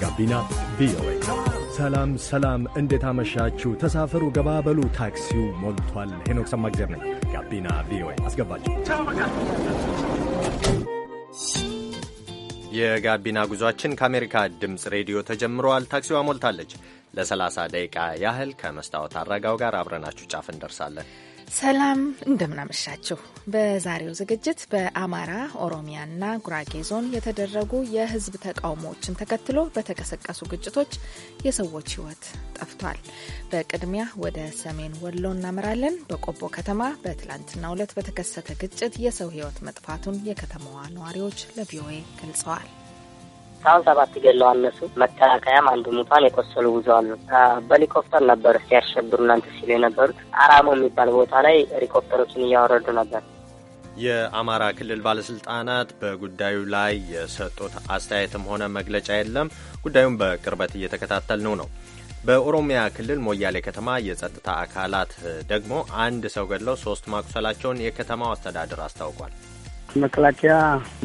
ጋቢና ቪኦኤ። ሰላም ሰላም፣ እንዴት አመሻችሁ? ተሳፈሩ፣ ገባበሉ፣ ታክሲው ሞልቷል። ሄኖክ ሰማግዜር ነኝ። ጋቢና ቪኦኤ አስገባችሁ። የጋቢና ጉዟችን ከአሜሪካ ድምፅ ሬዲዮ ተጀምረዋል። ታክሲዋ ሞልታለች። ለ30 ደቂቃ ያህል ከመስታወት አረጋው ጋር አብረናችሁ ጫፍ እንደርሳለን። ሰላም እንደምናመሻችሁ። በዛሬው ዝግጅት በአማራ ኦሮሚያና ጉራጌ ዞን የተደረጉ የህዝብ ተቃውሞዎችን ተከትሎ በተቀሰቀሱ ግጭቶች የሰዎች ህይወት ጠፍቷል። በቅድሚያ ወደ ሰሜን ወሎ እናመራለን። በቆቦ ከተማ በትላንትናው ዕለት በተከሰተ ግጭት የሰው ህይወት መጥፋቱን የከተማዋ ነዋሪዎች ለቪኦኤ ገልጸዋል። እስካሁን ሰባት ገለው አነሱ መከላከያም አንዱ ሙቷን የቆሰሉ ብዙ አሉ። በሄሊኮፕተር ነበር ሲያሸብሩ እናንተ ሲሉ የነበሩት አራሞ የሚባል ቦታ ላይ ሄሊኮፕተሮችን እያወረዱ ነበር። የአማራ ክልል ባለስልጣናት በጉዳዩ ላይ የሰጡት አስተያየትም ሆነ መግለጫ የለም። ጉዳዩን በቅርበት እየተከታተልነው ነው። በኦሮሚያ ክልል ሞያሌ ከተማ የጸጥታ አካላት ደግሞ አንድ ሰው ገድለው ሶስት ማቁሰላቸውን የከተማው አስተዳደር አስታውቋል። መከላከያ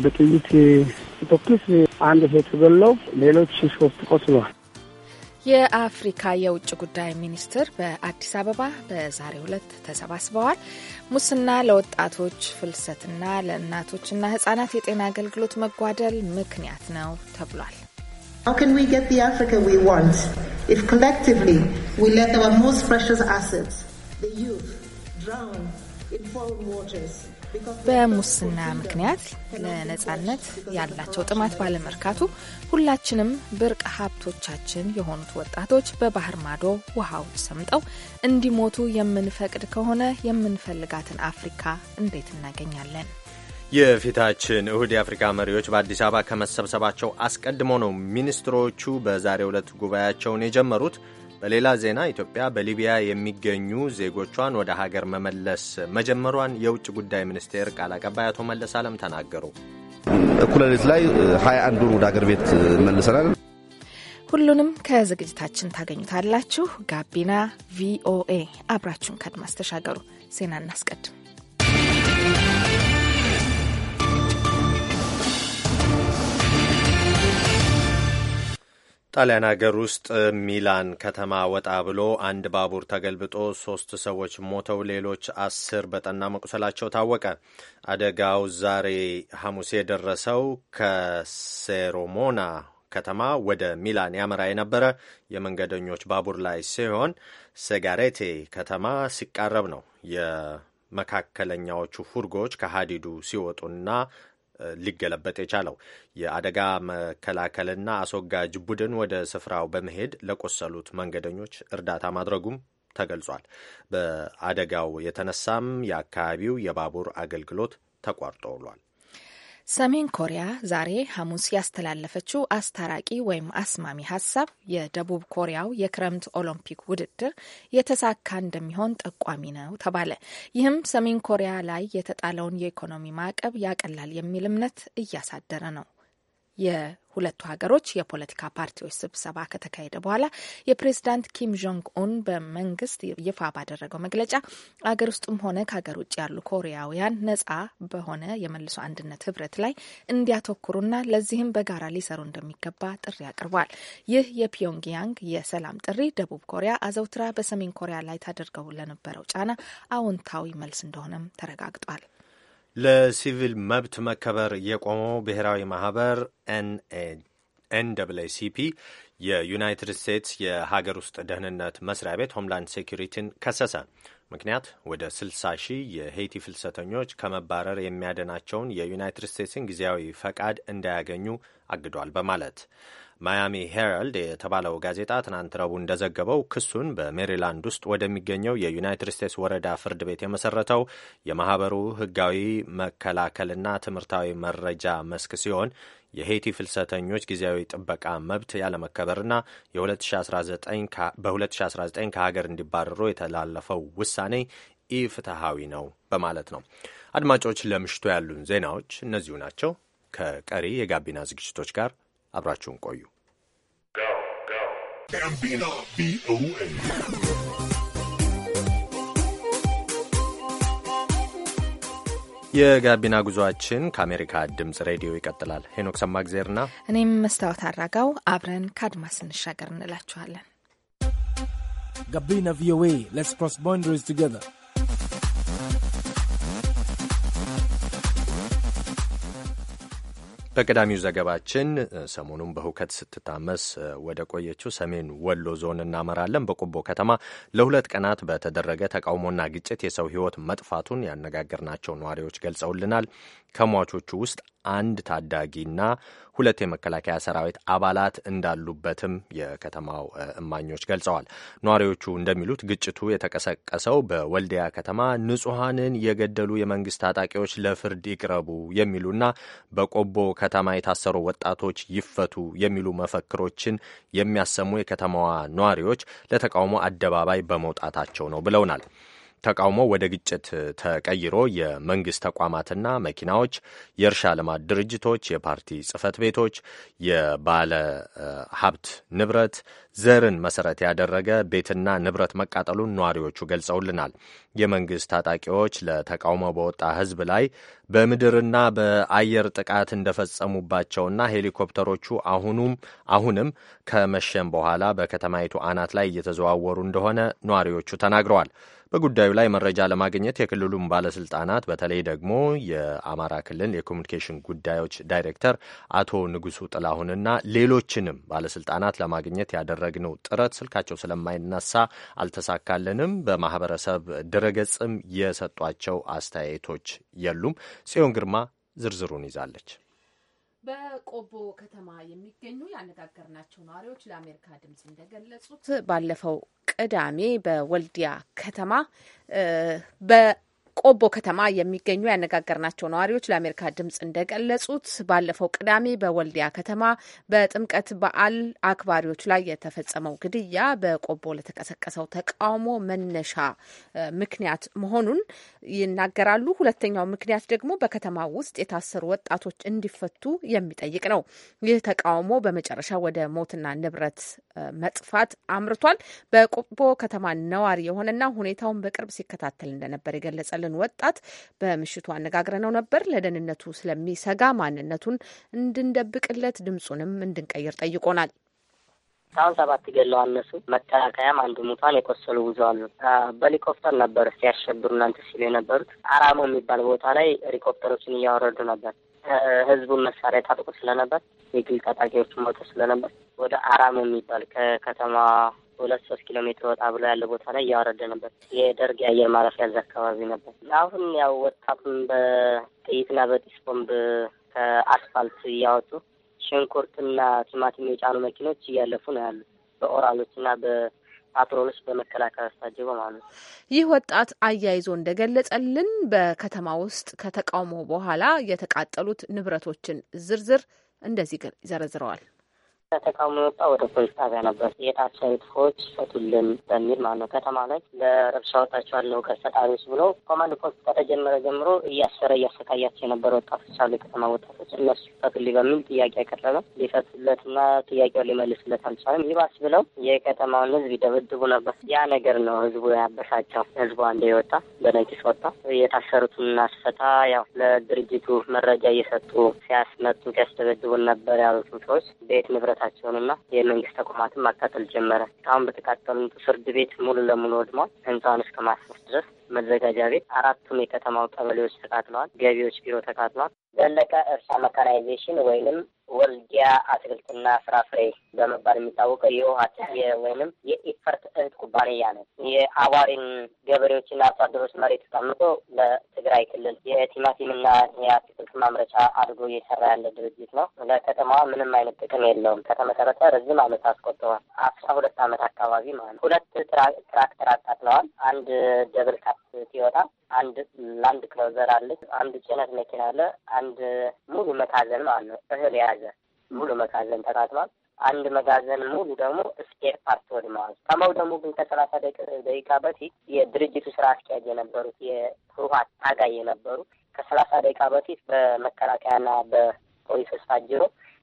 በጥይት ቶክስ አንድ ሰው ተገሎ ሌሎች ሶስት ቆስሏል። የአፍሪካ የውጭ ጉዳይ ሚኒስትር በአዲስ አበባ በዛሬው ዕለት ተሰባስበዋል። ሙስና ለወጣቶች ፍልሰትና ለእናቶችና ህጻናት የጤና አገልግሎት መጓደል ምክንያት ነው ተብሏል። ሀው በሙስና ምክንያት ለነጻነት ያላቸው ጥማት ባለመርካቱ ሁላችንም ብርቅ ሀብቶቻችን የሆኑት ወጣቶች በባህር ማዶ ውሃው ሰምጠው እንዲሞቱ የምንፈቅድ ከሆነ የምንፈልጋትን አፍሪካ እንዴት እናገኛለን? የፊታችን እሁድ የአፍሪካ መሪዎች በአዲስ አበባ ከመሰብሰባቸው አስቀድሞ ነው ሚኒስትሮቹ በዛሬው ዕለት ጉባኤያቸውን የጀመሩት። በሌላ ዜና ኢትዮጵያ በሊቢያ የሚገኙ ዜጎቿን ወደ ሀገር መመለስ መጀመሯን የውጭ ጉዳይ ሚኒስቴር ቃል አቀባይ አቶ መለስ አለም ተናገሩ። እኩለ ሌሊት ላይ ሀያ አንዱን ወደ ሀገር ቤት መልሰናል። ሁሉንም ከዝግጅታችን ታገኙታላችሁ። ጋቢና ቪኦኤ አብራችሁን ከድማስ ተሻገሩ። ዜና እናስቀድም። ጣሊያን ሀገር ውስጥ ሚላን ከተማ ወጣ ብሎ አንድ ባቡር ተገልብጦ ሶስት ሰዎች ሞተው ሌሎች አስር በጠና መቁሰላቸው ታወቀ። አደጋው ዛሬ ሐሙስ የደረሰው ከሴሮሞና ከተማ ወደ ሚላን ያመራ የነበረ የመንገደኞች ባቡር ላይ ሲሆን ሴጋሬቴ ከተማ ሲቃረብ ነው። የመካከለኛዎቹ ፉርጎች ከሀዲዱ ሲወጡና ሊገለበጥ የቻለው። የአደጋ መከላከልና አስወጋጅ ቡድን ወደ ስፍራው በመሄድ ለቆሰሉት መንገደኞች እርዳታ ማድረጉም ተገልጿል። በአደጋው የተነሳም የአካባቢው የባቡር አገልግሎት ተቋርጦ ውሏል። ሰሜን ኮሪያ ዛሬ ሐሙስ ያስተላለፈችው አስታራቂ ወይም አስማሚ ሀሳብ የደቡብ ኮሪያው የክረምት ኦሎምፒክ ውድድር የተሳካ እንደሚሆን ጠቋሚ ነው ተባለ። ይህም ሰሜን ኮሪያ ላይ የተጣለውን የኢኮኖሚ ማዕቀብ ያቀላል የሚል እምነት እያሳደረ ነው። የሁለቱ ሀገሮች የፖለቲካ ፓርቲዎች ስብሰባ ከተካሄደ በኋላ የፕሬዝዳንት ኪም ጆንግ ኡን በመንግስት ይፋ ባደረገው መግለጫ አገር ውስጥም ሆነ ከሀገር ውጭ ያሉ ኮሪያውያን ነጻ በሆነ የመልሶ አንድነት ህብረት ላይ እንዲያተኩሩና ለዚህም በጋራ ሊሰሩ እንደሚገባ ጥሪ አቅርቧል። ይህ የፒዮንግያንግ የሰላም ጥሪ ደቡብ ኮሪያ አዘውትራ በሰሜን ኮሪያ ላይ ታደርገው ለነበረው ጫና አዎንታዊ መልስ እንደሆነም ተረጋግጧል። ለሲቪል መብት መከበር የቆመው ብሔራዊ ማህበር ኤንኤንሲፒ የዩናይትድ ስቴትስ የሀገር ውስጥ ደህንነት መስሪያ ቤት ሆምላንድ ሴኩሪቲን ከሰሰ። ምክንያት ወደ 60 ሺህ የሄይቲ ፍልሰተኞች ከመባረር የሚያደናቸውን የዩናይትድ ስቴትስን ጊዜያዊ ፈቃድ እንዳያገኙ አግዷል በማለት ማያሚ ሄራልድ የተባለው ጋዜጣ ትናንት ረቡዕ እንደዘገበው ክሱን በሜሪላንድ ውስጥ ወደሚገኘው የዩናይትድ ስቴትስ ወረዳ ፍርድ ቤት የመሰረተው የማህበሩ ህጋዊ መከላከልና ትምህርታዊ መረጃ መስክ ሲሆን የሄይቲ ፍልሰተኞች ጊዜያዊ ጥበቃ መብት ያለመከበርና በ2019 ከሀገር እንዲባረሩ የተላለፈው ውሳኔ ኢፍትሐዊ ነው በማለት ነው። አድማጮች፣ ለምሽቱ ያሉን ዜናዎች እነዚሁ ናቸው። ከቀሪ የጋቢና ዝግጅቶች ጋር አብራችሁን ቆዩ። የጋቢና ጉዟችን ከአሜሪካ ድምፅ ሬዲዮ ይቀጥላል። ሄኖክ ሰማግዜርና እኔም መስታወት አድራጋው አብረን ከአድማስ እንሻገር እንላችኋለን። ጋቢና ቪኦኤ ሌትስ ክሮስ ቦንደሪስ ቱጌዘር በቀዳሚው ዘገባችን ሰሞኑን በሁከት ስትታመስ ወደ ቆየችው ሰሜን ወሎ ዞን እናመራለን። በቆቦ ከተማ ለሁለት ቀናት በተደረገ ተቃውሞና ግጭት የሰው ሕይወት መጥፋቱን ያነጋገርናቸው ነዋሪዎች ገልጸውልናል። ከሟቾቹ ውስጥ አንድ ታዳጊና ሁለት የመከላከያ ሰራዊት አባላት እንዳሉበትም የከተማው እማኞች ገልጸዋል። ነዋሪዎቹ እንደሚሉት ግጭቱ የተቀሰቀሰው በወልዲያ ከተማ ንጹሐንን የገደሉ የመንግስት ታጣቂዎች ለፍርድ ይቅረቡ የሚሉና በቆቦ ከተማ የታሰሩ ወጣቶች ይፈቱ የሚሉ መፈክሮችን የሚያሰሙ የከተማዋ ነዋሪዎች ለተቃውሞ አደባባይ በመውጣታቸው ነው ብለውናል። ተቃውሞ ወደ ግጭት ተቀይሮ የመንግስት ተቋማትና መኪናዎች፣ የእርሻ ልማት ድርጅቶች፣ የፓርቲ ጽህፈት ቤቶች፣ የባለ ሀብት ንብረት ዘርን መሰረት ያደረገ ቤትና ንብረት መቃጠሉን ነዋሪዎቹ ገልጸውልናል። የመንግስት ታጣቂዎች ለተቃውሞ በወጣ ህዝብ ላይ በምድርና በአየር ጥቃት እንደፈጸሙባቸውና ሄሊኮፕተሮቹ አሁኑም አሁንም ከመሸም በኋላ በከተማይቱ አናት ላይ እየተዘዋወሩ እንደሆነ ነዋሪዎቹ ተናግረዋል። በጉዳዩ ላይ መረጃ ለማግኘት የክልሉን ባለስልጣናት በተለይ ደግሞ የአማራ ክልል የኮሚኒኬሽን ጉዳዮች ዳይሬክተር አቶ ንጉሱ ጥላሁንና ሌሎችንም ባለስልጣናት ለማግኘት ያደረግነው ጥረት ስልካቸው ስለማይነሳ አልተሳካልንም። በማህበረሰብ ድረገጽም የሰጧቸው አስተያየቶች የሉም። ጽዮን ግርማ ዝርዝሩን ይዛለች። በቆቦ ከተማ የሚገኙ ያነጋገርናቸው ነዋሪዎች ለአሜሪካ ድምጽ እንደገለጹት ባለፈው ቅዳሜ በወልዲያ ከተማ በ ቆቦ ከተማ የሚገኙ ያነጋገርናቸው ነዋሪዎች ለአሜሪካ ድምጽ እንደገለጹት ባለፈው ቅዳሜ በወልዲያ ከተማ በጥምቀት በዓል አክባሪዎች ላይ የተፈጸመው ግድያ በቆቦ ለተቀሰቀሰው ተቃውሞ መነሻ ምክንያት መሆኑን ይናገራሉ። ሁለተኛው ምክንያት ደግሞ በከተማ ውስጥ የታሰሩ ወጣቶች እንዲፈቱ የሚጠይቅ ነው። ይህ ተቃውሞ በመጨረሻ ወደ ሞትና ንብረት መጥፋት አምርቷል። በቆቦ ከተማ ነዋሪ የሆነና ሁኔታውን በቅርብ ሲከታተል እንደነበር የገለጸ ያለን ወጣት በምሽቱ አነጋግረነው ነበር። ለደህንነቱ ስለሚሰጋ ማንነቱን እንድንደብቅለት ድምፁንም እንድንቀይር ጠይቆናል። እስካሁን ሰባት ገድለዋል። አነሱ መከላከያም አንዱ ሙቷን፣ የቆሰሉ ብዙ አሉ። በሄሊኮፕተር ነበር ሲያሸብሩ እናንተ ሲሉ የነበሩት አራሞ የሚባል ቦታ ላይ ሄሊኮፕተሮችን እያወረዱ ነበር። ህዝቡን መሳሪያ ታጥቆ ስለነበር የግል ታጣቂዎች ሞቶ ስለነበር ወደ አራሞ የሚባል ከከተማ ሁለት ሶስት ኪሎ ሜትር ወጣ ብሎ ያለ ቦታ ላይ እያወረደ ነበር። የደርግ የአየር ማረፊያ እዛ አካባቢ ነበር። አሁን ያው ወጣቱን በጥይትና በጢስ ቦምብ ከአስፋልት እያወጡ ሽንኩርትና ቲማቲም የጫኑ መኪኖች እያለፉ ነው ያሉት በኦራሎችና በ ፓትሮሎች በመከላከል ስታጀበ ማለት ነው። ይህ ወጣት አያይዞ እንደገለጸልን በከተማ ውስጥ ከተቃውሞ በኋላ የተቃጠሉት ንብረቶችን ዝርዝር እንደዚህ ዘረዝረዋል። ከተቃውሞ የወጣ ወደ ፖሊስ ጣቢያ ነበር። የታሰሩ ጥፎች ፈቱልን በሚል ማለት ነው። ከተማ ላይ ለረብሻ ወጣችኋለሁ ከፈጣሪዎች ብለው ኮማንድ ፖስት ከተጀመረ ጀምሮ እያሰረ እያሰቃያቸው የነበረ ወጣቶች አሉ። የከተማ ወጣቶች እነሱ ፈቱልኝ በሚል ጥያቄ ያቀረበ ሊፈቱለትና ጥያቄው ሊመልስለት አልቻለም። ይባስ ብለው የከተማውን ህዝብ ይደበድቡ ነበር። ያ ነገር ነው ህዝቡ ያበሳቸው። ህዝቡ አንዴ የወጣ በነቂስ ወጣ። የታሰሩትን እናስፈታ ያው ለድርጅቱ መረጃ እየሰጡ ሲያስመጡ ሲያስደበድቡን ነበር ያሉትም ሰዎች ቤት ንብረት መጥፋታቸውንና የመንግስት ተቋማትን ማቃጠል ጀመረ። አሁን በተቃጠሉት ፍርድ ቤት ሙሉ ለሙሉ ወድሟል። ህንፃውን እስከ ማፍረስ ድረስ መዘጋጃ ቤት፣ አራቱም የከተማው ቀበሌዎች ተቃጥለዋል። ገቢዎች ቢሮ ተቃጥለዋል። ዘለቀ እርሻ መካናይዜሽን ወይንም ወልዲያ አትክልትና ፍራፍሬ በመባል የሚታወቀው የውሀት ወይንም የኢፈርት እህት ኩባንያ ነው። የአዋሪን ገበሬዎችና አርሶ አደሮች መሬት ተቀምጦ ለትግራይ ክልል የቲማቲምና የአትክልት ማምረቻ አድርጎ እየሰራ ያለ ድርጅት ነው። ለከተማዋ ምንም አይነት ጥቅም የለውም። ከተመሰረተ ረዝም ዓመት አስቆጥሯል። አስራ ሁለት ዓመት አካባቢ ማለት ነው። ሁለት ትራክተር አቃጥለዋል። አንድ ደብል ካፕ ሲወጣ አንድ ላንድ ክሎዘር አለች፣ አንድ ጭነት መኪና አለ፣ አንድ ሙሉ መጋዘን ማለት ነው እህል የያዘ ሙሉ መጋዘን ተቃጥሏል። አንድ መጋዘን ሙሉ ደግሞ ስፔር ፓርት ወድመዋል። ከማው ደግሞ ግን ከሰላሳ ደቂቃ በፊት የድርጅቱ ስራ አስኪያጅ የነበሩት የህወሓት ታጋይ የነበሩ ከሰላሳ ደቂቃ በፊት በመከላከያና በፖሊሶች ታጅሮ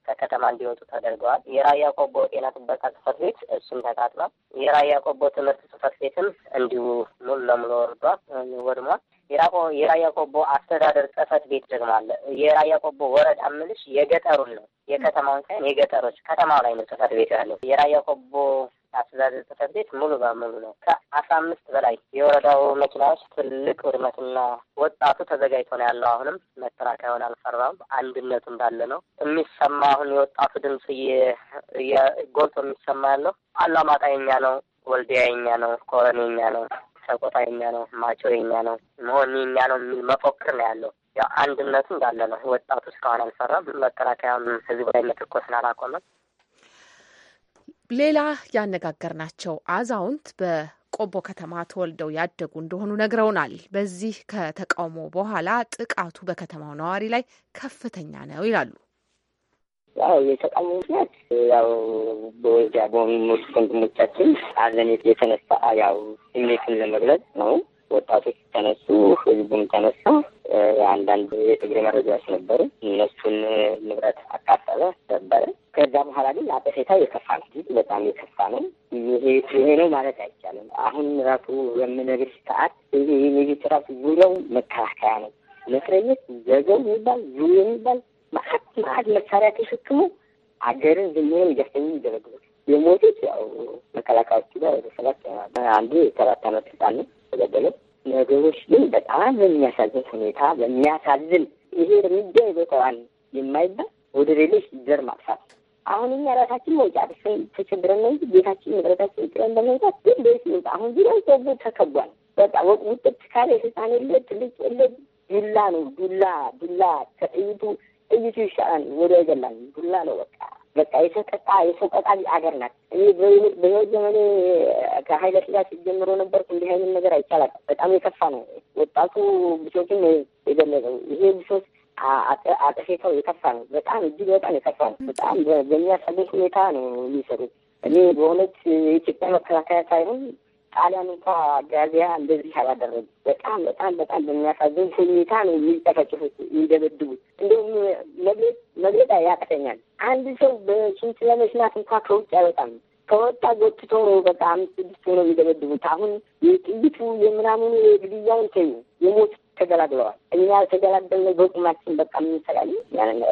ከከተማ እንዲወጡ ተደርገዋል። የራያ ቆቦ ጤና ጥበቃ ጽህፈት ቤት እሱም ተቃጥሏል። የራያ ቆቦ ትምህርት ጽህፈት ቤትም እንዲሁ ሙሉ ለሙሉ ወርዷል፣ ወድሟል። የራያ ቆቦ አስተዳደር ጽሕፈት ቤት ደግሞ አለ። የራያ ቆቦ ወረዳ ምልሽ የገጠሩን ነው የከተማውን ሳይሆን የገጠሮች ከተማው ላይ ነው ጽሕፈት ቤት ያለው። የራያ ቆቦ አስተዳደር ጽሕፈት ቤት ሙሉ በሙሉ ነው ከአስራ አምስት በላይ የወረዳው መኪናዎች ትልቅ ውድመትና ወጣቱ ተዘጋጅቶ ነው ያለው። አሁንም መከላከያውን አልፈራም። አንድነቱ እንዳለ ነው የሚሰማ። አሁን የወጣቱ ድምፅ ጎልቶ የሚሰማ ያለው አላማጣ የኛ ነው፣ ወልዲያ የኛ ነው፣ ኮረኔ የኛ ነው ሰቆጣ የኛ ነው፣ ማጮ የኛ ነው፣ መሆን የኛ ነው የሚል መፎክር ነው ያለው። ያው አንድነቱ እንዳለ ነው። ወጣቱ እስካሁን አልሰራም። መከላከያም ህዝቡ ላይ መተኮስን አላቆመም። ሌላ ያነጋገርናቸው አዛውንት በ ቆቦ ከተማ ተወልደው ያደጉ እንደሆኑ ነግረውናል። በዚህ ከተቃውሞ በኋላ ጥቃቱ በከተማው ነዋሪ ላይ ከፍተኛ ነው ይላሉ። ያው የተቃኙ ምክንያት ያው በወልዲያ በሚሞቱ ወንድሞቻችን አለን የተነሳ ያው ስሜትን ለመግለጽ ነው። ወጣቶች ተነሱ፣ ህዝቡም ተነሳ። የአንዳንድ የትግሬ መረጃዎች ነበሩ። እነሱን ንብረት አካፈለ ነበረ። ከዛ በኋላ ግን አጠሴታ የከፋ ነው፣ በጣም የከፋ ነው። ይሄ ነው ማለት አይቻልም። አሁን ራሱ የምነግር ሰዓት ይሄ ራሱ ዙሪያው መከላከያ ነው። መትረየስ ዘገው የሚባል ዙ የሚባል መዓት መዓት መሳሪያ ተሸክሞ አገርን ዝምሆን እያሰኙ ይደረግሉ። የሞቱት ያው መከላከያዎቹ ጋር ወደ ሰባት አንዱ የሰባት ዓመት ህጻን ነው ተገደለው። ነገሮች ግን በጣም በሚያሳዝን ሁኔታ በሚያሳዝን ይሄ እርምጃ ይበቃዋል የማይባል ወደ ሌሎች ዘር ማጥፋት አሁን እኛ ራሳችን መውጫ ስን ተቸግረን ነው እንጂ ቤታችን ንብረታችን ጥለን በመውጣት ግን ቤት ይውጣ። አሁን ዙሪያው ሰው ተከቧል። በቃ ውጥት ካለ ህፃን የለ ትልቅ የለ ዱላ ነው ዱላ ዱላ ከጥይቱ እዚህ ይሻላል ወደ አይገላል ዱላ ነው። በቃ በቃ የሰቀጣ የሰቀጣ አገር ናት። እኔ በህይወት ዘመኔ ከሀይለ ስላሴ ጀምሮ ነበር እንዲህ አይነት ነገር አይቻላል። በጣም የከፋ ነው። ወጣቱ ብሶትን የገለጸው ይሄ ብሶት አጠፌታው የከፋ ነው። በጣም እጅግ በጣም የከፋ ነው። በጣም በሚያሳዝን ሁኔታ ነው የሚሰሩት። እኔ በእውነት የኢትዮጵያ መከላከያ ሳይሆን ጣሊያን እንኳ ጋዚያ እንደዚህ አላደረጉ። በጣም በጣም በጣም በሚያሳዝን ሁኔታ ነው የሚጨፈጭፉት የሚደበድቡት ያቅተኛል። አንድ ሰው በሽንት ለመሽናት እንኳ ከውጭ አይወጣም። ከወጣ ጎትቶ ነው በቃ አምስት ስድስት ሆነው የሚደበድቡት። አሁን የጥይቱ የምናምኑ የግድያውን ተዩ የሞት ተገላግለዋል። እኛ ተገላገልነው በቁማችን በቃ ምንሰራል ያንን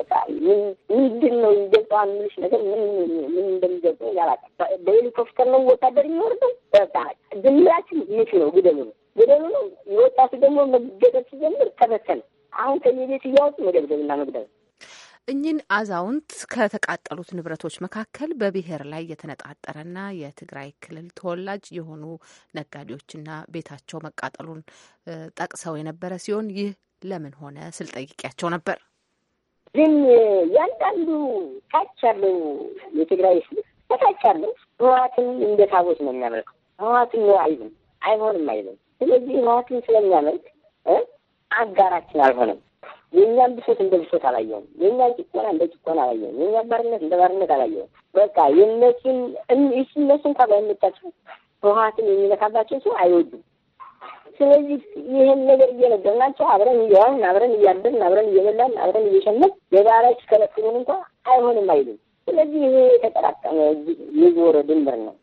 ምንድን ነው ይገባ ምንሽ ነገር ምን ምን እንደሚገባ ያላቀ በሄሊኮፕተር ነው ወታደር የሚወርደው። በቃ ዝምላችን ይህ ነው። ግደሉ ነው ግደሉ ነው። የወጣቱ ደግሞ መገደል ሲጀምር ተበተነ። አሁን ከየቤት እያወጡ መደብደብና መግደል እኚህን አዛውንት ከተቃጠሉት ንብረቶች መካከል በብሔር ላይ የተነጣጠረና የትግራይ ክልል ተወላጅ የሆኑ ነጋዴዎችና ቤታቸው መቃጠሉን ጠቅሰው የነበረ ሲሆን ይህ ለምን ሆነ ስል ጠይቄያቸው ነበር። ግን ያንዳንዱ ታች ያለው የትግራይ ስ በታች ያለው ህወሓትን እንደ ታቦት ነው የሚያመልከው። ህዋትን ነው አይልም፣ አይሆንም አይልም። ስለዚህ ህዋትን ስለሚያመልክ አጋራችን አልሆነም። የእኛን ብሶት እንደ ብሶት አላየውም። የእኛን ጭቆና እንደ ጭቆና አላየውም። የእኛን ባርነት እንደ ባርነት አላየውም። በቃ የእነሱን እሱ እነሱ እንኳ ባይመጣቸው ህወሀትን የሚነካባቸው ሰው አይወዱም። ስለዚህ ይህን ነገር እየነገርናቸው አብረን እየዋልን አብረን እያደርን አብረን እየበላን አብረን እየሸመት የጋራ ሲከለክሉን እንኳ አይሆንም አይሉም። ስለዚህ ይሄ የተጠራቀመ የዞረ ድምር ነው።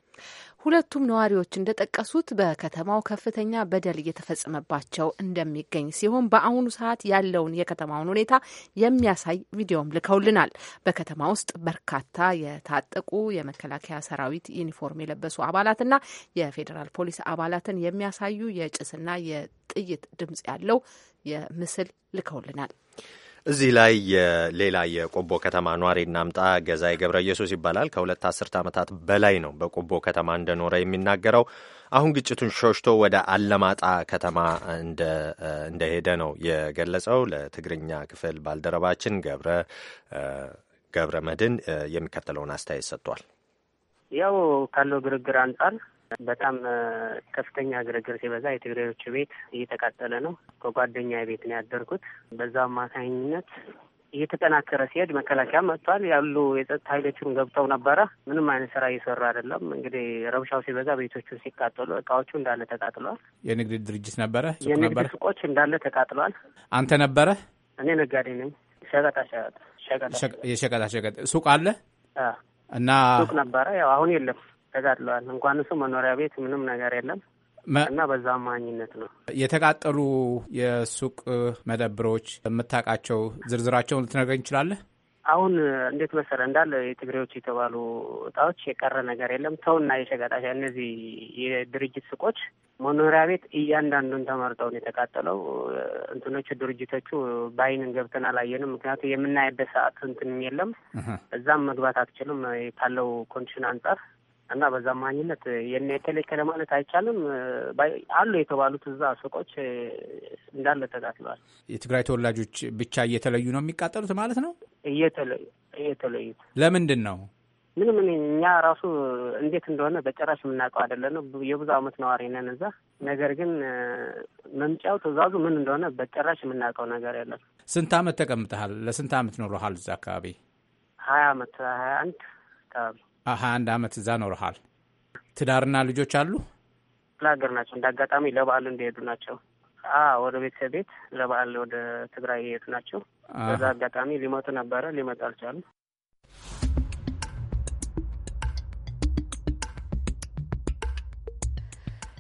ሁለቱም ነዋሪዎች እንደጠቀሱት በከተማው ከፍተኛ በደል እየተፈጸመባቸው እንደሚገኝ ሲሆን በአሁኑ ሰዓት ያለውን የከተማውን ሁኔታ የሚያሳይ ቪዲዮም ልከውልናል። በከተማ ውስጥ በርካታ የታጠቁ የመከላከያ ሰራዊት ዩኒፎርም የለበሱ አባላትና የፌዴራል ፖሊስ አባላትን የሚያሳዩ የጭስና የጥይት ድምጽ ያለው የምስል ልከውልናል። እዚህ ላይ ሌላ የቆቦ ከተማ ኗሪ እናምጣ። ገዛይ ገብረ ኢየሱስ ይባላል። ከሁለት አስርት ዓመታት በላይ ነው በቆቦ ከተማ እንደኖረ የሚናገረው። አሁን ግጭቱን ሸሽቶ ወደ አለማጣ ከተማ እንደሄደ ነው የገለጸው። ለትግርኛ ክፍል ባልደረባችን ገብረ ገብረ መድን የሚከተለውን አስተያየት ሰጥቷል። ያው ካለው ግርግር አንጻር በጣም ከፍተኛ ግርግር ሲበዛ የትግሬዎች ቤት እየተቃጠለ ነው። ከጓደኛ ቤት ነው ያደርኩት። በዛ አማካኝነት እየተጠናከረ ሲሄድ መከላከያ መጥቷል። ያሉ የጸጥታ ኃይሎችም ገብተው ነበረ። ምንም አይነት ስራ እየሰሩ አይደለም። እንግዲህ ረብሻው ሲበዛ ቤቶቹ ሲቃጠሉ እቃዎቹ እንዳለ ተቃጥለዋል። የንግድ ድርጅት ነበረ፣ የንግድ ሱቆች እንዳለ ተቃጥሏል። አንተ ነበረ? እኔ ነጋዴ ነኝ። ሸቀጣ የሸቀጣሸቀጥ ሱቅ አለ እና ሱቅ ነበረ። ያው አሁን የለም። ተጋድለዋል። እንኳን እሱ መኖሪያ ቤት ምንም ነገር የለም እና በዛ አማኝነት ነው የተቃጠሉ የሱቅ መደብሮች የምታውቃቸው ዝርዝራቸውን ልትነግረኝ ትችላለህ? አሁን እንዴት መሰለ እንዳለ የትግሬዎች የተባሉ እጣዎች የቀረ ነገር የለም። ሰውና የሸቀጣሽ እነዚህ የድርጅት ሱቆች መኖሪያ ቤት እያንዳንዱን ተመርጠውን የተቃጠለው እንትኖቹ ድርጅቶቹ በአይንን ገብተን አላየንም። ምክንያቱም የምናየበት ሰዓት እንትንም የለም። እዛም መግባት አትችልም ካለው ኮንዲሽን አንጻር እና በዛ ማኝነት የኔ የተለከለ ማለት አይቻልም። አሉ የተባሉት እዛ ሱቆች እንዳለ ተቃጥለዋል። የትግራይ ተወላጆች ብቻ እየተለዩ ነው የሚቃጠሉት ማለት ነው። እየተለዩ እየተለዩት ለምንድን ነው? ምን እኛ ራሱ እንዴት እንደሆነ በጭራሽ የምናውቀው አይደለም። የብዙ ዓመት ነዋሪ ነን እዛ። ነገር ግን መምጫው ትእዛዙ ምን እንደሆነ በጭራሽ የምናውቀው ነገር የለም። ስንት ዓመት ተቀምጠሃል? ለስንት ዓመት ኖረሃል እዛ አካባቢ? ሀያ አመት ሀያ አንድ አካባቢ ሀያ አንድ አመት እዛ ኖረሃል። ትዳርና ልጆች አሉ? ለሀገር ናቸው። እንደ አጋጣሚ ለበዓል እንደሄዱ ናቸው። ወደ ቤተሰብ ቤት ለበዓል ወደ ትግራይ የሄዱ ናቸው። በዛ አጋጣሚ ሊመጡ ነበረ፣ ሊመጡ አልቻሉ።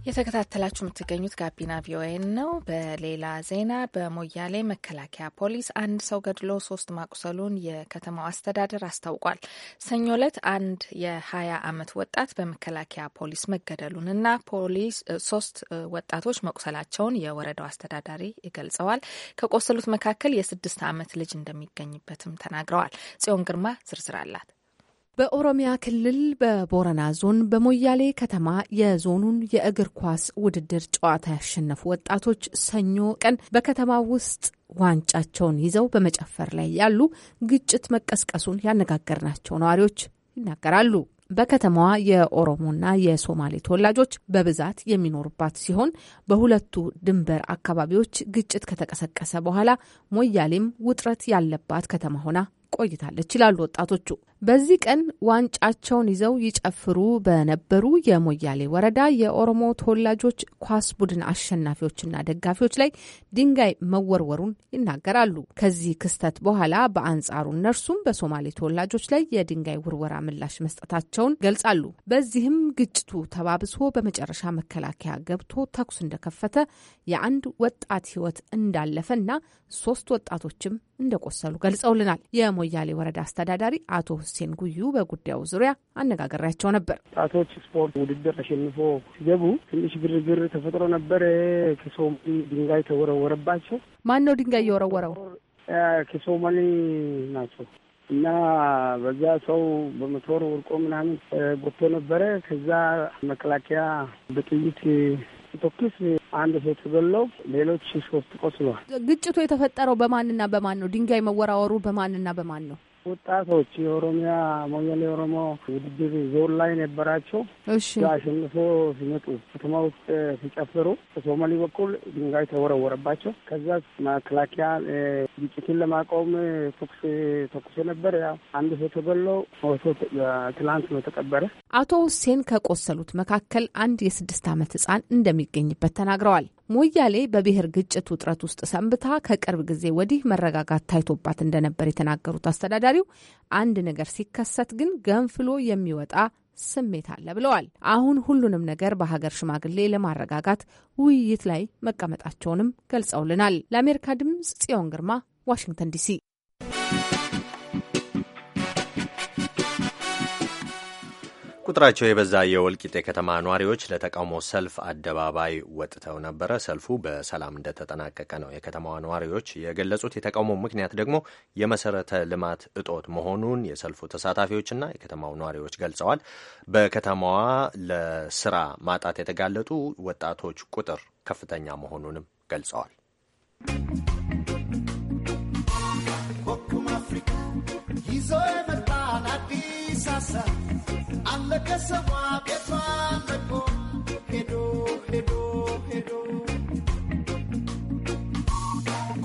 የተከታተላችሁ የምትገኙት ጋቢና ቪኦኤን ነው። በሌላ ዜና በሞያሌ መከላከያ ፖሊስ አንድ ሰው ገድሎ ሶስት ማቁሰሉን የከተማው አስተዳደር አስታውቋል። ሰኞ ዕለት አንድ የሀያ አመት ወጣት በመከላከያ ፖሊስ እና ፖሊስ ሶስት ወጣቶች መቁሰላቸውን የወረዳው አስተዳዳሪ ገልጸዋል። ከቆሰሉት መካከል የስድስት ዓመት ልጅ እንደሚገኝበትም ተናግረዋል። ጽዮን ግርማ ዝርዝር አላት። በኦሮሚያ ክልል በቦረና ዞን በሞያሌ ከተማ የዞኑን የእግር ኳስ ውድድር ጨዋታ ያሸነፉ ወጣቶች ሰኞ ቀን በከተማ ውስጥ ዋንጫቸውን ይዘው በመጨፈር ላይ ያሉ ግጭት መቀስቀሱን ያነጋገርናቸው ነዋሪዎች ይናገራሉ። በከተማዋ የኦሮሞና የሶማሌ ተወላጆች በብዛት የሚኖሩባት ሲሆን በሁለቱ ድንበር አካባቢዎች ግጭት ከተቀሰቀሰ በኋላ ሞያሌም ውጥረት ያለባት ከተማ ሆና ቆይታለች ይላሉ ወጣቶቹ። በዚህ ቀን ዋንጫቸውን ይዘው ይጨፍሩ በነበሩ የሞያሌ ወረዳ የኦሮሞ ተወላጆች ኳስ ቡድን አሸናፊዎችና ደጋፊዎች ላይ ድንጋይ መወርወሩን ይናገራሉ። ከዚህ ክስተት በኋላ በአንጻሩ እነርሱም በሶማሌ ተወላጆች ላይ የድንጋይ ውርወራ ምላሽ መስጠታቸውን ገልጻሉ። በዚህም ግጭቱ ተባብሶ በመጨረሻ መከላከያ ገብቶ ተኩስ እንደከፈተ የአንድ ወጣት ሕይወት እንዳለፈና ሶስት ወጣቶችም እንደቆሰሉ ገልጸውልናል። የሞያሌ ወረዳ አስተዳዳሪ አቶ ሁሴን ጉዩ በጉዳዩ ዙሪያ አነጋገሪያቸው ነበር። ጣቶች ስፖርት ውድድር አሸንፎ ሲገቡ ትንሽ ግርግር ተፈጥሮ ነበር። ከሰው ድንጋይ ተወረወረባቸው። ማን ነው ድንጋይ የወረወረው? ከሶማሌ ናቸው እና በዛ ሰው በመቶር ወርቆ ምናምን ጎቶ ነበረ። ከዛ መከላከያ በጥይት ሲተኩስ አንድ ሰው ተገሎ ሌሎች ሶስት ቆስሏል። ግጭቱ የተፈጠረው በማንና በማን ነው? ድንጋይ መወራወሩ በማንና በማን ነው? ወጣቶች የኦሮሚያ ሞያሌ ኦሮሞ ውድድር ዞን ላይ ነበራቸው። አሸንፎ ሲመጡ ከተማ ውስጥ ሲጨፍሩ ሶማሌ በኩል ድንጋይ ተወረወረባቸው። ከዛ መከላከያ ግጭትን ለማቆም ተኩስ ተኩሶ ነበር። ያው አንድ ሰው ተገሎ ትላንት ነው ተቀበረ። አቶ ሁሴን ከቆሰሉት መካከል አንድ የስድስት ዓመት ህጻን እንደሚገኝበት ተናግረዋል። ሞያሌ በብሔር ግጭት ውጥረት ውስጥ ሰንብታ ከቅርብ ጊዜ ወዲህ መረጋጋት ታይቶባት እንደነበር የተናገሩት አስተዳዳሪው አንድ ነገር ሲከሰት ግን ገንፍሎ የሚወጣ ስሜት አለ ብለዋል። አሁን ሁሉንም ነገር በሀገር ሽማግሌ ለማረጋጋት ውይይት ላይ መቀመጣቸውንም ገልጸውልናል። ለአሜሪካ ድምጽ ጽዮን ግርማ ዋሽንግተን ዲሲ ቁጥራቸው የበዛ የወልቂጤ ከተማ ነዋሪዎች ለተቃውሞ ሰልፍ አደባባይ ወጥተው ነበረ። ሰልፉ በሰላም እንደተጠናቀቀ ነው የከተማዋ ነዋሪዎች የገለጹት። የተቃውሞ ምክንያት ደግሞ የመሰረተ ልማት እጦት መሆኑን የሰልፉ ተሳታፊዎችና የከተማው ነዋሪዎች ገልጸዋል። በከተማዋ ለስራ ማጣት የተጋለጡ ወጣቶች ቁጥር ከፍተኛ መሆኑንም ገልጸዋል። ይዞ የመጣን አዲስ አለ ከሰማ ቤቷ ለቆ ሄዶ ሄዶ ሄዶ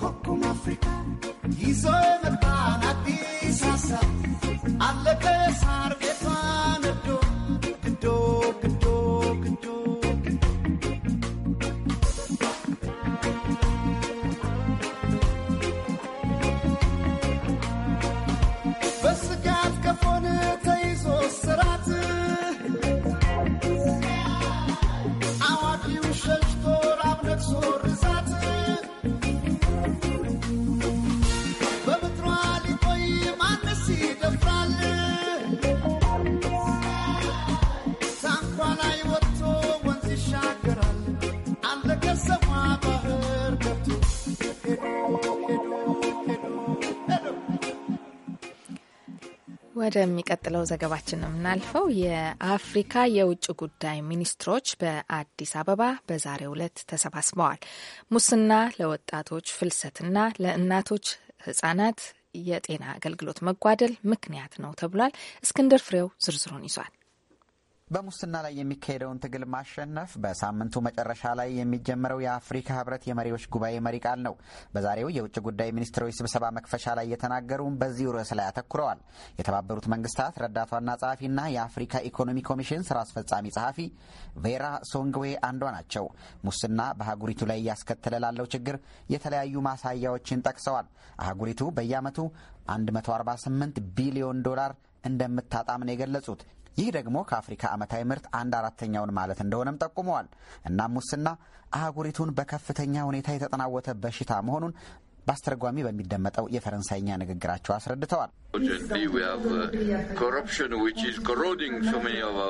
ኮኩም አፍሪካ ይዞ የመጣን አዲስ ሀሳብ አለ ከሳር ወደሚቀጥለው ዘገባችን ነው የምናልፈው። የአፍሪካ የውጭ ጉዳይ ሚኒስትሮች በአዲስ አበባ በዛሬው ዕለት ተሰባስበዋል። ሙስና ለወጣቶች ፍልሰትና ለእናቶች ህጻናት የጤና አገልግሎት መጓደል ምክንያት ነው ተብሏል። እስክንድር ፍሬው ዝርዝሩን ይዟል። በሙስና ላይ የሚካሄደውን ትግል ማሸነፍ በሳምንቱ መጨረሻ ላይ የሚጀምረው የአፍሪካ ህብረት የመሪዎች ጉባኤ መሪ ቃል ነው። በዛሬው የውጭ ጉዳይ ሚኒስትሮች ስብሰባ መክፈሻ ላይ የተናገሩም በዚሁ ርዕስ ላይ አተኩረዋል። የተባበሩት መንግስታት ረዳት ዋና ጸሐፊና የአፍሪካ ኢኮኖሚ ኮሚሽን ስራ አስፈጻሚ ጸሐፊ ቬራ ሶንግዌ አንዷ ናቸው። ሙስና በአህጉሪቱ ላይ እያስከተለ ላለው ችግር የተለያዩ ማሳያዎችን ጠቅሰዋል። አህጉሪቱ በየዓመቱ 148 ቢሊዮን ዶላር እንደምታጣም ነው የገለጹት። ይህ ደግሞ ከአፍሪካ ዓመታዊ ምርት አንድ አራተኛውን ማለት እንደሆነም ጠቁመዋል። እናም ሙስና አህጉሪቱን በከፍተኛ ሁኔታ የተጠናወተ በሽታ መሆኑን በአስተርጓሚ በሚደመጠው የፈረንሳይኛ ንግግራቸው አስረድተዋል። uh, uh,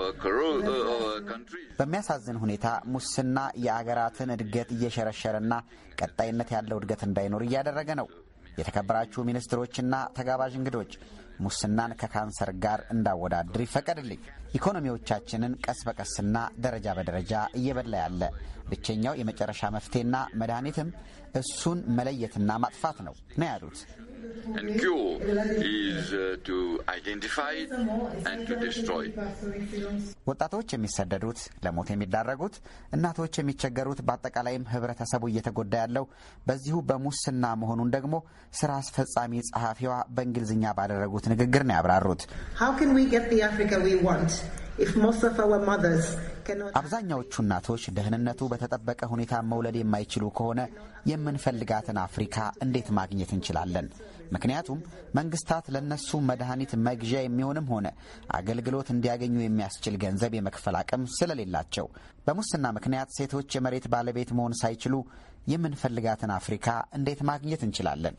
በሚያሳዝን ሁኔታ ሙስና የአገራትን እድገት እየሸረሸረና ቀጣይነት ያለው እድገት እንዳይኖር እያደረገ ነው። የተከበራችሁ ሚኒስትሮችና ተጋባዥ እንግዶች ሙስናን ከካንሰር ጋር እንዳወዳድር ይፈቀድልኝ። ኢኮኖሚዎቻችንን ቀስ በቀስና ደረጃ በደረጃ እየበላ ያለ ብቸኛው የመጨረሻ መፍትሄና መድኃኒትም እሱን መለየትና ማጥፋት ነው ነው ያሉት And cure is uh, to identify and to destroy. ወጣቶች የሚሰደዱት ለሞት የሚዳረጉት እናቶች የሚቸገሩት በአጠቃላይም ህብረተሰቡ እየተጎዳ ያለው በዚሁ በሙስና መሆኑን ደግሞ ስራ አስፈጻሚ ጸሐፊዋ በእንግሊዝኛ ባደረጉት ንግግር ነው ያብራሩት። አብዛኛዎቹ እናቶች ደህንነቱ በተጠበቀ ሁኔታ መውለድ የማይችሉ ከሆነ የምንፈልጋትን አፍሪካ እንዴት ማግኘት እንችላለን? ምክንያቱም መንግስታት ለነሱ መድኃኒት መግዣ የሚሆንም ሆነ አገልግሎት እንዲያገኙ የሚያስችል ገንዘብ የመክፈል አቅም ስለሌላቸው በሙስና ምክንያት ሴቶች የመሬት ባለቤት መሆን ሳይችሉ የምንፈልጋትን አፍሪካ እንዴት ማግኘት እንችላለን?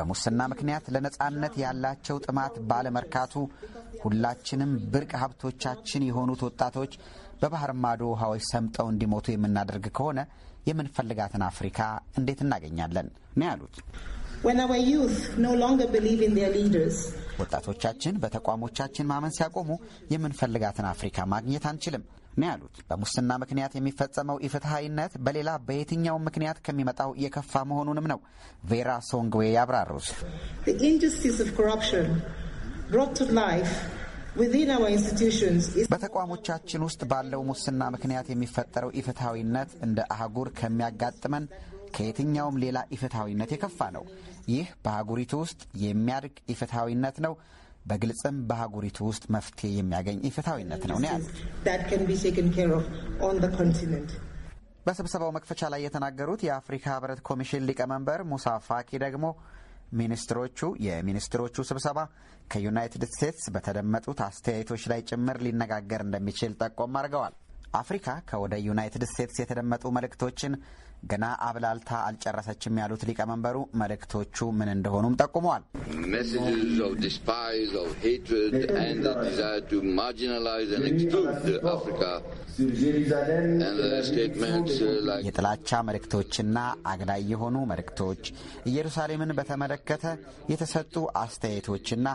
በሙስና ምክንያት ለነጻነት ያላቸው ጥማት ባለመርካቱ ሁላችንም ብርቅ ሀብቶቻችን የሆኑት ወጣቶች በባህር ማዶ ውሃዎች ሰምጠው እንዲሞቱ የምናደርግ ከሆነ የምንፈልጋትን አፍሪካ እንዴት እናገኛለን? ነው ያሉት። ወጣቶቻችን በተቋሞቻችን ማመን ሲያቆሙ የምንፈልጋትን አፍሪካ ማግኘት አንችልም ነው ያሉት። በሙስና ምክንያት የሚፈጸመው ኢፍትሐዊነት በሌላ በየትኛውም ምክንያት ከሚመጣው የከፋ መሆኑንም ነው ቬራ ሶንግዌ ያብራሩት። በተቋሞቻችን ውስጥ ባለው ሙስና ምክንያት የሚፈጠረው ኢፍትሐዊነት እንደ አህጉር ከሚያጋጥመን ከየትኛውም ሌላ ኢፍትሐዊነት የከፋ ነው። ይህ በአህጉሪቱ ውስጥ የሚያድግ ኢፍትሐዊነት ነው። በግልጽም በአህጉሪቱ ውስጥ መፍትሄ የሚያገኝ ኢፍትሐዊነት ነው ነው ያሉት። በስብሰባው መክፈቻ ላይ የተናገሩት የአፍሪካ ህብረት ኮሚሽን ሊቀመንበር ሙሳ ፋኪ ደግሞ ሚኒስትሮቹ የሚኒስትሮቹ ስብሰባ ከዩናይትድ ስቴትስ በተደመጡት አስተያየቶች ላይ ጭምር ሊነጋገር እንደሚችል ጠቆም አድርገዋል። አፍሪካ ከወደ ዩናይትድ ስቴትስ የተደመጡ መልእክቶችን ገና አብላልታ አልጨረሰችም ያሉት ሊቀመንበሩ መልእክቶቹ ምን እንደሆኑም ጠቁመዋል። uh, የጥላቻ መልእክቶችና አግላይ የሆኑ መልእክቶች፣ ኢየሩሳሌምን በተመለከተ የተሰጡ አስተያየቶችና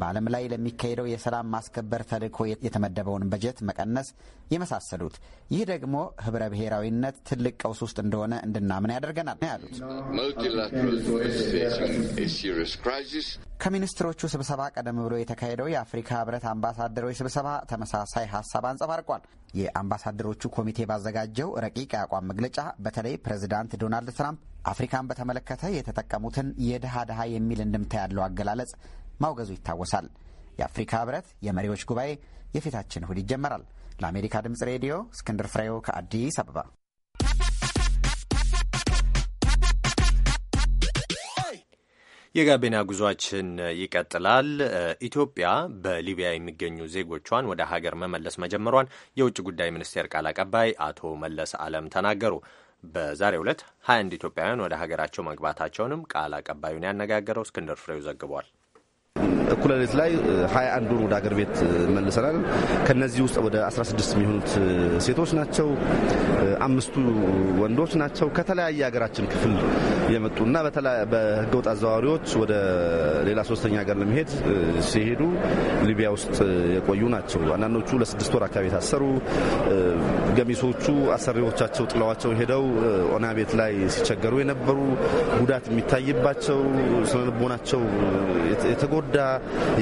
በዓለም ላይ ለሚካሄደው የሰላም ማስከበር ተልዕኮ የተመደበውን በጀት መቀነስ የመሳሰሉት። ይህ ደግሞ ህብረ ብሔራዊነት ትልቅ ቀውስ ውስጥ እንደሆነ እንድናምን ያደርገናል ያሉት። ከሚኒስትሮቹ ስብሰባ ቀደም ብሎ የተካሄደው የአፍሪካ ህብረት አምባሳደሮች ስብሰባ ተመሳሳይ ሀሳብ አንጸባርቋል። የአምባሳደሮቹ ኮሚቴ ባዘጋጀው ረቂቅ የአቋም መግለጫ በተለይ ፕሬዚዳንት ዶናልድ ትራምፕ አፍሪካን በተመለከተ የተጠቀሙትን የድሃ ድሃ የሚል እንድምታ ያለው አገላለጽ ማውገዙ ይታወሳል። የአፍሪካ ህብረት የመሪዎች ጉባኤ የፊታችን እሁድ ይጀመራል። ለአሜሪካ ድምፅ ሬዲዮ እስክንድር ፍሬው ከአዲስ አበባ። የጋቢና ጉዟችን ይቀጥላል። ኢትዮጵያ በሊቢያ የሚገኙ ዜጎቿን ወደ ሀገር መመለስ መጀመሯን የውጭ ጉዳይ ሚኒስቴር ቃል አቀባይ አቶ መለስ አለም ተናገሩ። በዛሬው ዕለት 21 ኢትዮጵያውያን ወደ ሀገራቸው መግባታቸውንም ቃል አቀባዩን ያነጋገረው እስክንድር ፍሬው ዘግቧል። እኩለ ሌሊት ላይ ሀያ አንዱን ወደ አገር ቤት መልሰናል። ከነዚህ ውስጥ ወደ 16 የሚሆኑት ሴቶች ናቸው፣ አምስቱ ወንዶች ናቸው። ከተለያየ ሀገራችን ክፍል የመጡና በህገወጥ አዘዋዋሪዎች ወደ ሌላ ሶስተኛ ሀገር ለመሄድ ሲሄዱ ሊቢያ ውስጥ የቆዩ ናቸው። አንዳንዶቹ ለስድስት ወር አካባቢ የታሰሩ ገሚሶቹ አሰሪዎቻቸው ጥለዋቸው ሄደው ኦና ቤት ላይ ሲቸገሩ የነበሩ ጉዳት የሚታይባቸው ስነልቦናቸው የተጎዳ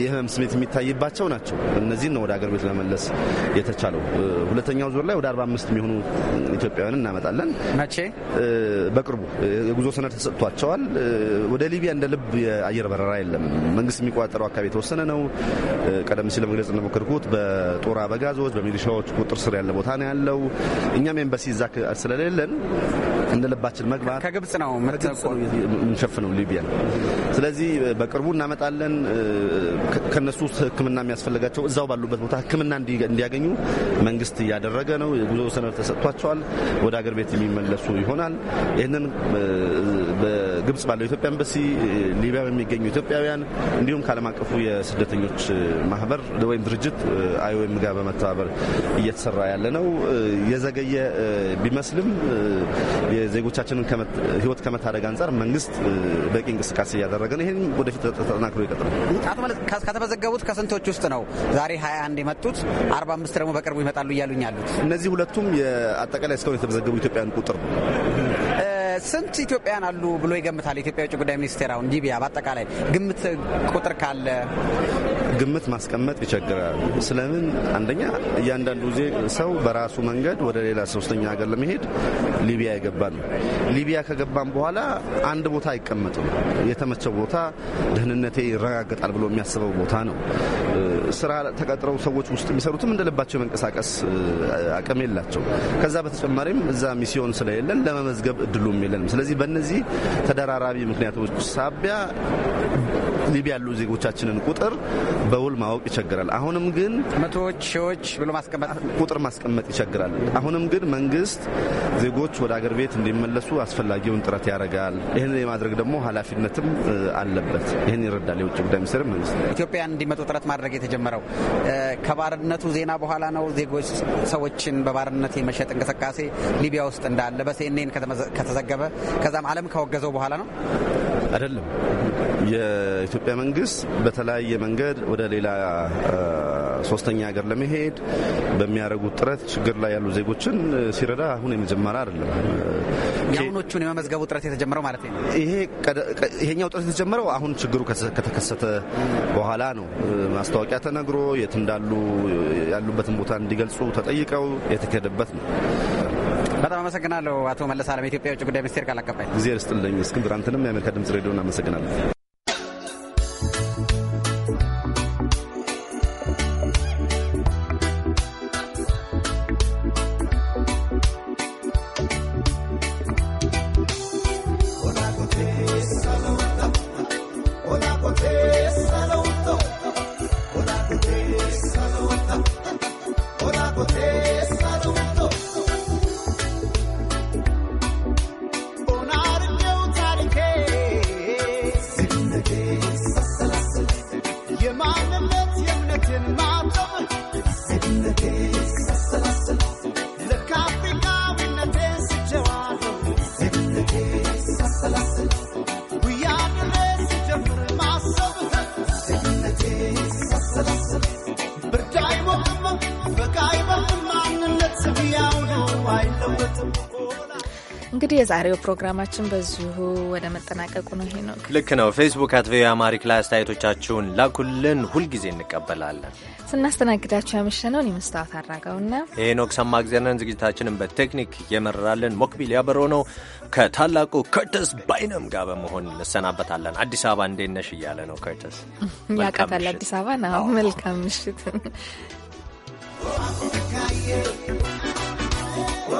የህመም ስሜት የሚታይባቸው ናቸው። እነዚህን ነው ወደ ሀገር ቤት ለመለስ የተቻለው። ሁለተኛው ዙር ላይ ወደ አምስት የሚሆኑ ኢትዮጵያውያን እናመጣለን። መቼ? በቅርቡ የጉዞ ሰነድ ተሰጥቷቸዋል። ወደ ሊቢያ እንደ ልብ የአየር በረራ የለም። መንግስት የሚቆጣጠረው አካባቢ የተወሰነ ነው። ቀደም ሲል መግለጽ እንደሞከርኩት በጦር አበጋዞች በሚሊሻዎች ቁጥር ስር ያለ ቦታ ነው ያለው። እኛም ኤምባሲ እዛ ስለሌለን እንደ ልባችን መግባት ከግብጽ ነው የምንሸፍነው ሊቢያ። ስለዚህ በቅርቡ እናመጣለን። ከነሱ ውስጥ ሕክምና የሚያስፈልጋቸው እዛው ባሉበት ቦታ ሕክምና እንዲያገኙ መንግስት እያደረገ ነው። የጉዞ ሰነድ ተሰጥቷቸዋል። ወደ አገር ቤት የሚመለሱ ይሆናል። ይህንን በግብጽ ባለው ኢትዮጵያ ኤምባሲ፣ ሊቢያ የሚገኙ ኢትዮጵያውያን እንዲሁም ከዓለም አቀፉ የስደተኞች ማህበር ወይም ድርጅት አይኦኤም ጋር በመተባበር እየተሰራ ያለ ነው። የዘገየ ቢመስልም የዜጎቻችንን ህይወት ከመታደግ አንጻር መንግስት በቂ እንቅስቃሴ እያደረገ ነው። ይህም ወደፊት ተጠናክሮ ይቀጥላል። ከተመዘገቡት ከስንቶች ውስጥ ነው ዛሬ 21 የመጡት 45 ደግሞ በቅርቡ ይመጣሉ እያሉኝ ያሉት? እነዚህ ሁለቱም አጠቃላይ እስካሁን የተመዘገቡ ኢትዮጵያውያን ቁጥር ነው። ስንት ኢትዮጵያውያን አሉ ብሎ ይገምታል? የኢትዮጵያ የውጭ ጉዳይ ሚኒስቴር አሁን ሊቢያ በአጠቃላይ ግምት ቁጥር ካለ ግምት ማስቀመጥ ይቸግራል። ስለምን አንደኛ እያንዳንዱ ሰው በራሱ መንገድ ወደ ሌላ ሶስተኛ ሀገር ለመሄድ ሊቢያ የገባ ነው። ሊቢያ ከገባም በኋላ አንድ ቦታ አይቀመጥም። የተመቸው ቦታ ደህንነቴ ይረጋገጣል ብሎ የሚያስበው ቦታ ነው። ስራ ተቀጥረው ሰዎች ውስጥ የሚሰሩትም እንደልባቸው የመንቀሳቀስ አቅም የላቸው። ከዛ በተጨማሪም እዛ ሚስዮን ስለሌለን ለመመዝገብ እድሉም የለንም። ስለዚህ በእነዚህ ተደራራቢ ምክንያቶች ሳቢያ ሊቢያ ያሉ ዜጎቻችንን ቁጥር በውል ማወቅ ይቸግራል። አሁንም ግን መቶዎች ሺዎች ብሎ ማስቀመጥ ቁጥር ማስቀመጥ ይቸግራል። አሁንም ግን መንግስት ዜጎች ወደ አገር ቤት እንዲመለሱ አስፈላጊውን ጥረት ያደርጋል። ይህንን የማድረግ ደግሞ ኃላፊነትም አለበት። ይህን ይረዳል የውጭ ጉዳይ ሚኒስትር መንግስት። ኢትዮጵያን እንዲመጡ ጥረት ማድረግ የተጀመረው ከባርነቱ ዜና በኋላ ነው። ዜጎች ሰዎችን በባርነት የመሸጥ እንቅስቃሴ ሊቢያ ውስጥ እንዳለ በሲኤንኤን ከተዘገበ ከዛም ዓለም ከወገዘው በኋላ ነው። አይደለም። የኢትዮጵያ መንግስት በተለያየ መንገድ ወደ ሌላ ሶስተኛ ሀገር ለመሄድ በሚያደርጉት ጥረት ችግር ላይ ያሉ ዜጎችን ሲረዳ አሁን የመጀመር አይደለም። የአሁኖቹን የመመዝገቡ ጥረት የተጀመረው ማለት ነው። ይሄ ይሄኛው ጥረት የተጀመረው አሁን ችግሩ ከተከሰተ በኋላ ነው። ማስታወቂያ ተነግሮ የት እንዳሉ ያሉበትን ቦታ እንዲገልጹ ተጠይቀው የተካሄደበት ነው። በጣም አመሰግናለሁ አቶ መለስ አለም የኢትዮጵያ የውጭ ጉዳይ ሚኒስቴር ቃል አቀባይ። እግዜር ይስጥልኝ እስክንድር። አንተንም የአሜሪካ ድምጽ ሬዲዮን አመሰግናለሁ። እንግዲህ የዛሬው ፕሮግራማችን በዚሁ ወደ መጠናቀቁ ነው። ይሄ ነው ልክ ነው። ፌስቡክ አት ቪኦኤ አማሪክ ላይ አስተያየቶቻችሁን ላኩልን፣ ሁልጊዜ እንቀበላለን። ስናስተናግዳችሁ ያመሸነው እኔ መስታወት አራጋውና ሰማ ጊዜነን። ዝግጅታችንን በቴክኒክ የመራልን ሞክቢል ያበሮ ነው። ከታላቁ ከርተስ ባይነም ጋር በመሆን እንሰናበታለን። አዲስ አበባ እንዴት ነሽ እያለ ነው ከርተስ ያቃታል። አዲስ አበባ ና መልካም ምሽት። Africa, yeah.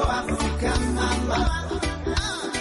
Africa, mama.